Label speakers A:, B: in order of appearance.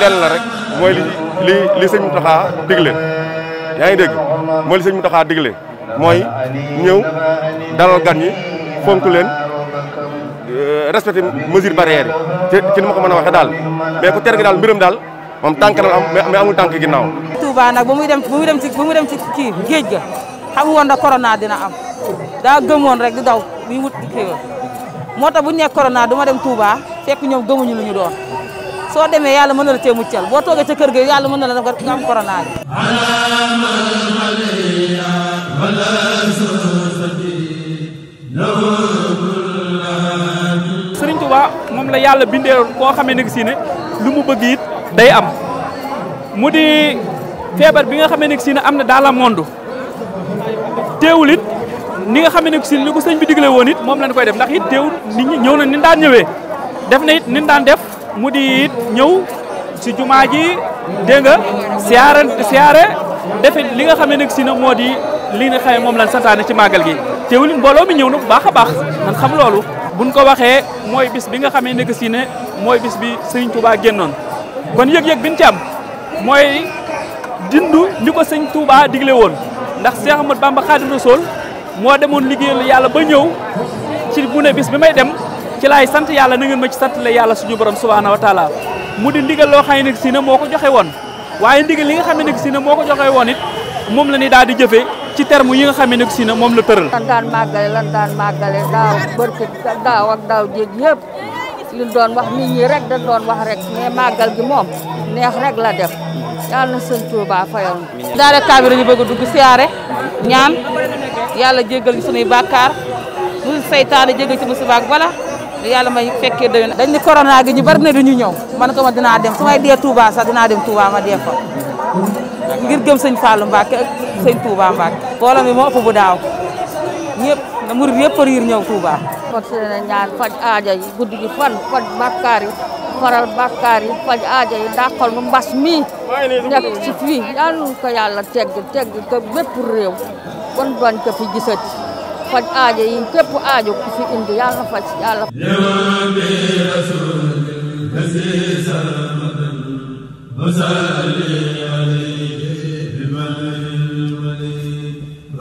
A: lenn la rek mooy li li li sëñ Mountakha digle yaa ngi dégg mooy li sëñ Mountakha digle mooy ñëw dalal gan ñi fonk leen euh, respecté mesure barrière yi ci ni ma ko mën a waxee daal mais ku ter gi daal mbiram daal
B: moom tànk na am mais amul tànk ginnaaw.
A: Touba nag ba muy dem ba muy dem ci ba muy dem ci kii géej ga xamu woon na corona dina am daa gëmoon rek di daw muy moo tax bu ñu nekk corona du ma dem Touba fekk ñoom gëmuñu ñu doon soo demee yàlla mën na la cee muccal boo toogee ca kër ga yàlla mën na la nga am corona bi.
C: sering Tuba
B: moom la yàlla bindeeroon koo xamee ne si ne lu mu bëgg it day am mu di bi nga xamee ne si ne am na dans le monde teewul it ni nga xamee ne si ne li bi digle woon it moom lañ koy def ndax it nit ñi ñëw na ni daan def na it ni daan def mu it ñëw si jumaa ji dégg nga siyaare siyaare li nga si lii nga xamee moom lan santaane ci màggal gi teewul mbooloo mi ñëw na bu baax a baax nan xam loolu buñ ko waxee mooy bis bi nga xamee nekk si ne mooy bis bi sëñ Touba génnoon kon yëg-yëg bi ñu ci am mooy dindu li ko sëñ Touba digle woon ndax Cheikh Ahmad Bamba Khadimu Rasul moo demoon liggéeyal yàlla ba ñëw ci bu ne bis bi may dem ci laay sant yàlla na ngeen ma ci sant la yàlla suñu borom subhaanahu wa taala mu di ndigal loo xam ne si moo ko joxe woon waaye ndigal li nga xam ne si ne moo ko joxe woon it la ni daal di jëfee ci terme yi nga xamee ne si na moom la tëral. lan
C: daan màggale lan daan màggale daaw bërki daaw ak daaw jéeg yëpp li doon wax nit ñi rek da doon wax rek mais màggal gi moom neex rek la def yàlla na sëñ Touba fayal na. daara Kaabira ñu
A: bëgg a dugg siyaare ñaan yàlla jéggal gi sunuy bàkkaar
C: bu seytaane jéggal ci musiba ak
A: bala yàlla may fekkee déwén. dañ corona gi ñu bari ne du ñu ñëw man ko ma dinaa dem su may dee Touba sax dinaa dem Touba ma dee fa ngir gëm sëñ Fallou sëñ Touba Mbacke mbooloo mi moo ëpp bu daaw ñëpp na murid a riir ñëw Touba.
C: faj aaja yi guddi fan faj bàkkaar faral bàkkaar faj aaja yi dàqal mbas mii nekk ci fii yal nu ko yàlla tegg tegg bépp réew kon doon ko fi gisati faj aaja yi képp aajo ku fi indi yàlla faj yàlla وسلم عليه بمن